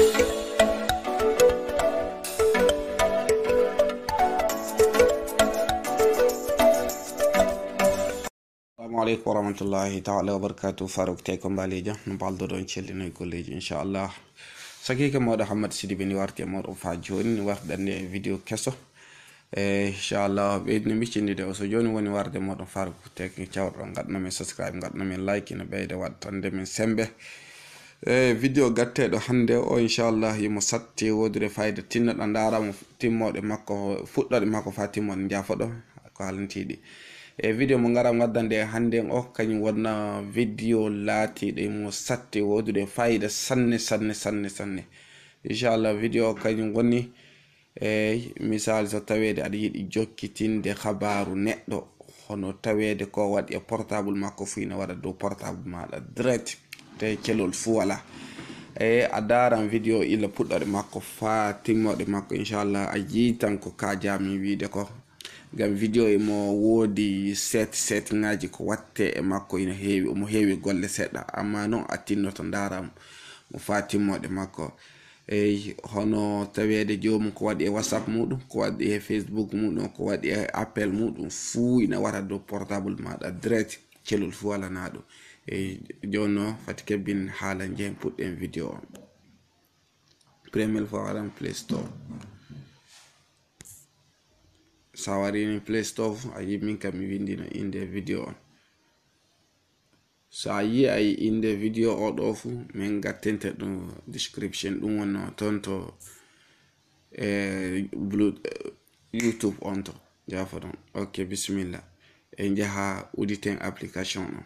assalamu aleykum warahmatullahi taala wabarakatu farouk te ko mbalijo no baldoɗon cellino e golleji inchallah sakike mawɗo hammad sidi beni warti e mawɗo fa joni ni warɗanne e vidéo kesso e eh, inchallah ɓeydino miccinide o so joni woni warde mawɗon farouk te cawɗo gaɗnomin subscribe gaɗnomin like ina ɓeyde wattande min sembe eyi eh, vidéo gatteɗo hannde o inchallah yomo satti wodure fayida tinnoɗo ndara mo timmoɗe makko fuɗɗoɗe makko fa timmoɗe jafoɗo ko halantiɗi e vidéo mo garam gadda nde hannde o kañum wonna vidéo laatiɗo yomo satti wodure fayida sanne sanne sanne sanne inchallah vidéo o kañum woni eyi misali so tawede aɗa yiɗi jokkitinde habaru neɗɗo hono tawede ko waɗi e portable makko fu ina waɗa dow portable maɗa direct tawi kelol fuu wala eyi a daran vidéo illa puɗɗore makko fa timmoɗe makko inchallah a jiitan ko kajami wiide ko gam vidéo e mo woodi set set ŋaji ko watte e makko ino heewi omo heewi golle seɗɗa amma noon a tinnoto daram mo fa timmoɗe makko eyi hono taweede joomum ko waɗi e whatsapp muɗum ko waɗi e facebook muɗum ko waɗi e appel muɗum fuu ina wara dow portable maɗa direct celol fuu walana ɗum e joni noon fati kebbin haala njehen puɗɗen vidéo on premier fois waɗan play store sa warini play store a yi min kam mi windino inde vidéo on so a yi a yi inde vidéo o ɗo fu min gattinte ɗum description ɗum wonno ton to e youtube on to jafa ɗon ok bisimilla en jaha uditen application on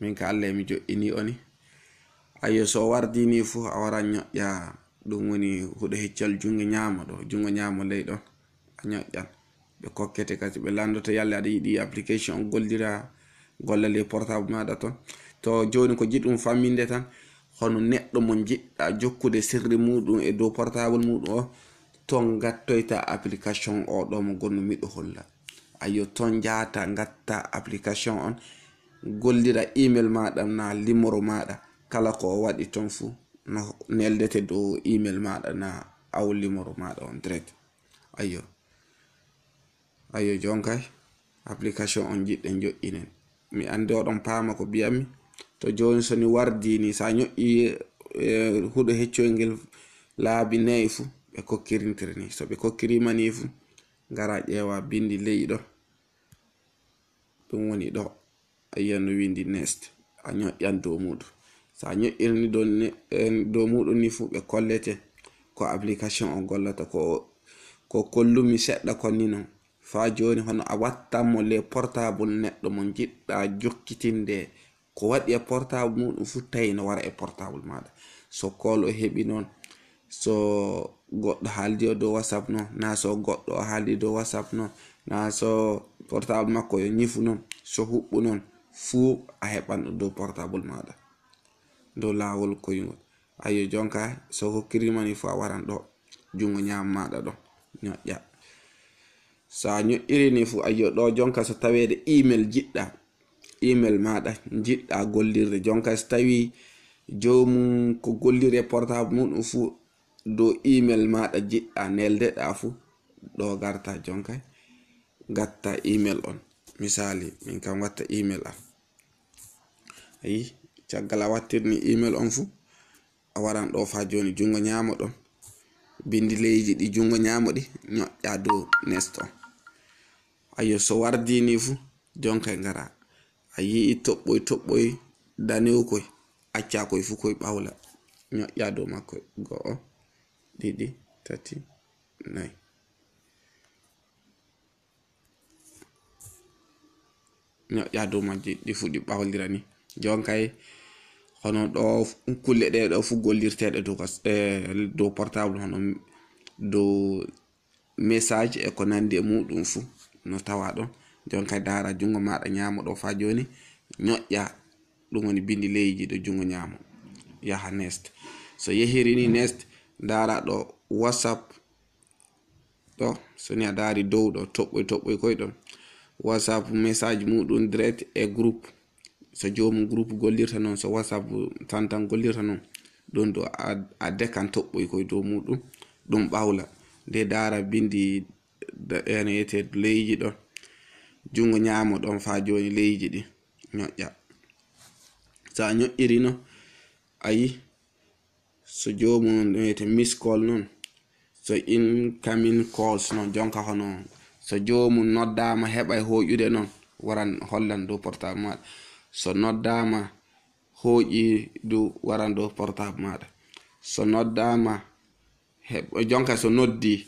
min ka allah emi jo'ini oni ayyo so o wardini fuu a wara ñoƴƴa ɗum woni huɗo heccal jungo ñaamo ɗo jungo ñaamo ley ɗon a ñoƴƴan ɓe kokkete kadi ɓe landoto yalle aɗa yiɗi application on gollira golla le portable maɗa ton to joni ko jiɗɗum famminde tan hono neɗɗo mo jiɗɗa jokkude sirri muɗum e dow portable muɗum o ton gattoyta application o ɗo mo gonno miɗo holla ayo ton jahata gatta application on gollira email maɗa na limoro maɗa kala ko waɗi ton fuu no neldete dow email maɗa na aw limoro maɗa on direct ayyo ayyo jonkay application on jiɗɗen jo'inen mi andi oɗon paama ko mbiyanmi to joni soni wardini sa ño'i e, e, huɗo heccoyel ngel laabi nayi fuu ɓe kokkirintiri ni so ɓe kokkirimani ni fuu ngara ƴeewa bindi ley ɗo ɗum woni ɗo ayiyano windi nest a ñoƴƴan dow muɗum so a ñoƴƴirni eh, dow muɗum ni fuu ɓe kollete ko application o gollata ko ko kollumi seɗɗa konni non fa joni hono a wattanmo le portable neɗɗo mo jiɗɗa jokkitinde ko waɗi e portable muɗum fuu tawi no wara e portable maɗa so kol o heɓi noon so goɗɗo haaldi o dow whatsapp noon na so goɗɗo o haaldi dow whatsapp noon na so portable makko yo ñifu noon so huɓɓu noon Fu a heban do portable mada do lawol koyngol ayo jonka so hokkirimani fu a waran do jungo nyam do ɗo nyoƴƴa so a fu ayo do jonka so tawede email jidda email mada jidda gollirde jonka so tawi jomu ko gollire portable mun fu do email jidda nelde da fu do garta jonka gatta email on misali min kam watta email am ayi caggal a wattirni email on fu a waran ɗo fa joni jungo nyamo ɗon bindi leyji ɗi jungo nyamo ɗi ñoƴƴa dow nest on ayo so wardini fu jonkay gara a yii toɓɓoy toɓɓoy danewo koy acca koy fu koye ɓawla ñoƴƴa dow makko go'o ɗiɗi tati nayi ñoƴƴa dow majji ɗi fu ɗi ɓawlira ni jonkay hono ɗo kulle ɗe ɗo fu gollirteɗe dow e, dow portable hono dow message e ko nandi e muɗum fu no tawa ɗon jonkay dara jungo maɗa ñamo ɗo fa joni ñoƴƴa ɗum woni bindi leydi ɗo jungo ñamo yaha nest so yehiri ni nest dara ɗo whatsapp ɗo ni a dari dow ɗo toɓɓoy toɓɓoy koyɗon whatsapp message muɗum direct e groupe so jomum groupe gollirta noon so whatsapp tan tan gollirta noon ɗum ɗo a dekan toɓɓoy koye dow muɗum ɗum ɓawla nde daara bindi ene wiyete leyji ɗon jungo ñaamo ɗon fa joni leyji ɗi ñoƴƴa so a ñoƴƴirino ayi so jomum ɗum wiyete miss call noon so in camin calls noon jonka hono so jomum noddama heɓa hoƴude noon waran hollan dow portable maɗa so noddama hooƴi du waran dow portable maɗa so noddama eh, jonka so noddi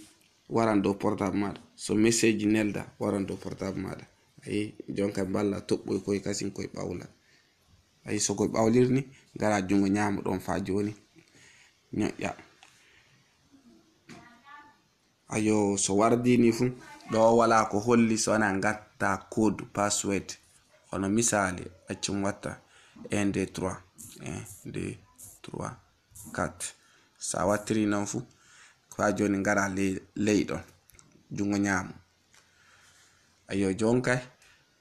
waran dow portable maɗa so message nelda waran dow portable maɗa ayi jonka balla toɓɓoy koy kasin koye ɓawla ayi sokoye ɓawlirni gara jungo ñamo ɗon fa joni ñoƴƴa ayo so wardini fu ɗo wala ko holli so wana gatta code password wala misali achimwata 1 3 1 3 4 so a wattiri noon joni ngara ley ɗon jungo ñaamo ayo jonkay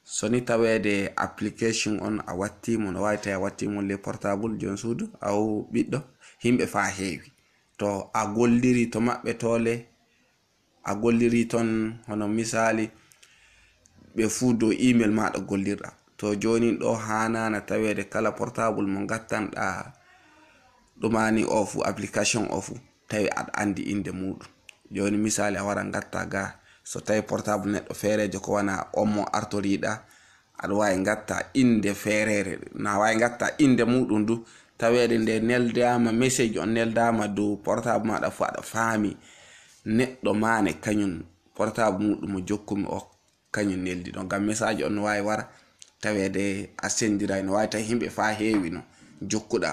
soni tawede application on a wattimo no wawi tawi a wattimo le portable jon sudu aw ɓiɗɗo himɓe fa heewi to a golliri to maɓɓe tole a golliri ton hono misali ɓe fuu dow email maɗa gollirɗa to joni ɗo hanana tawede kala portable mo gattanɗa ɗumani o fu application o fu tawi aɗa andi inde muɗum joni misali a wara gatta ga so tawi portable neɗɗo feereje ko wana omo artoriɗa aɗa wawi gatta inde feerere na wawi gatta inde muɗum du tawede nde neldama message on neldama dow portable maɗa fu aɗa faami neɗɗo mane kañum portable muɗum mo jokkumi o kañum neldi ɗo gam message on no wawi wara tawede a sendira no wawi tawi himɓe fa heewi no jokkuɗa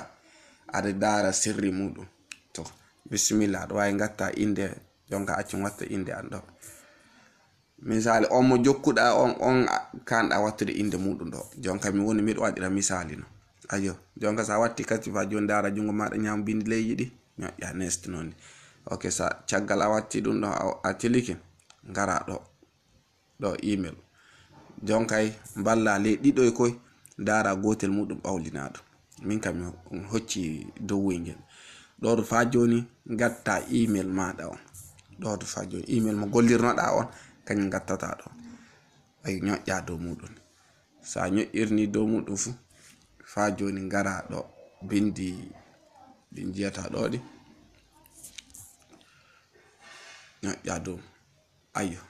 aɗa dara sirri muɗum to bisimilla aɗa wawi gatta inde jonka accu watta inde an ɗo misali on mo jokkuɗa on on kanɗa wattude inde muɗum ɗo jonka mi woni miɗo waɗira misali no ayo jonka sa watti fa joni dara jungo maɗa ñaam bindi leydi ɗi ñoƴƴa nest noon ok sa caggal a watti ɗum ɗo a tiliki ngara ɗo ɗo email jonkay mballa ley ɗiɗoy e koy dara gotel muɗum ɓawlinaɗo min kam hocci dowuy ngel ɗoɗo fa joni gatta email maɗa on ɗoɗo fa joni email mo gollirnoɗa on kañum gattata ɗo ay ñoƴƴa dow muɗum sa ñoƴƴirni dow muɗum fu fa joni gara ɗo bindi ɗi jiyata ɗoɗi ñoƴƴa dow ayo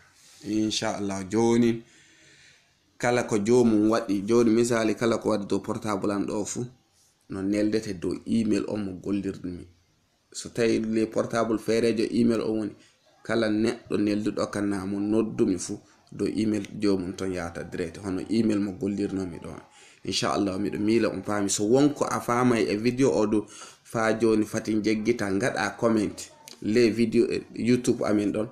inchallah joni kala ko jomum waɗi joni misali kala ko waɗi dow portable an ɗo fuu no neldete dow email on mo gollirmi so tawi le portable feerejo email o woni kala neɗɗo nelduɗo kannamo noddumi fuu dow email jomum ton yahata direct hono email mo gollirnomi ɗon inchallah miɗo miila on faami so wonko a faamay e vidéo o ɗo fa joni fati jeggita gaɗa comment les vidéo e youtube amin ɗon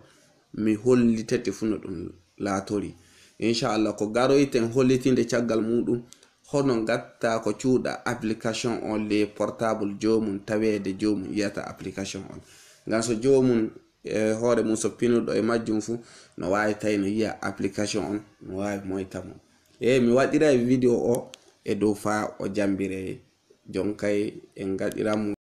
mi hollitete fuu no ɗum laatori inchallah ko garoyten hollitinde caggal muɗum hono gatta ko cuuɗa application on le portable jomum tawede jomum yiyata application on ngam so jomum e hoore mum so pinuɗo e majjum fu no wawi tawi no yiya application on no wawi moyta mo eyi mi waɗira e o e dow fa o jambire jonkay en gaɗiramu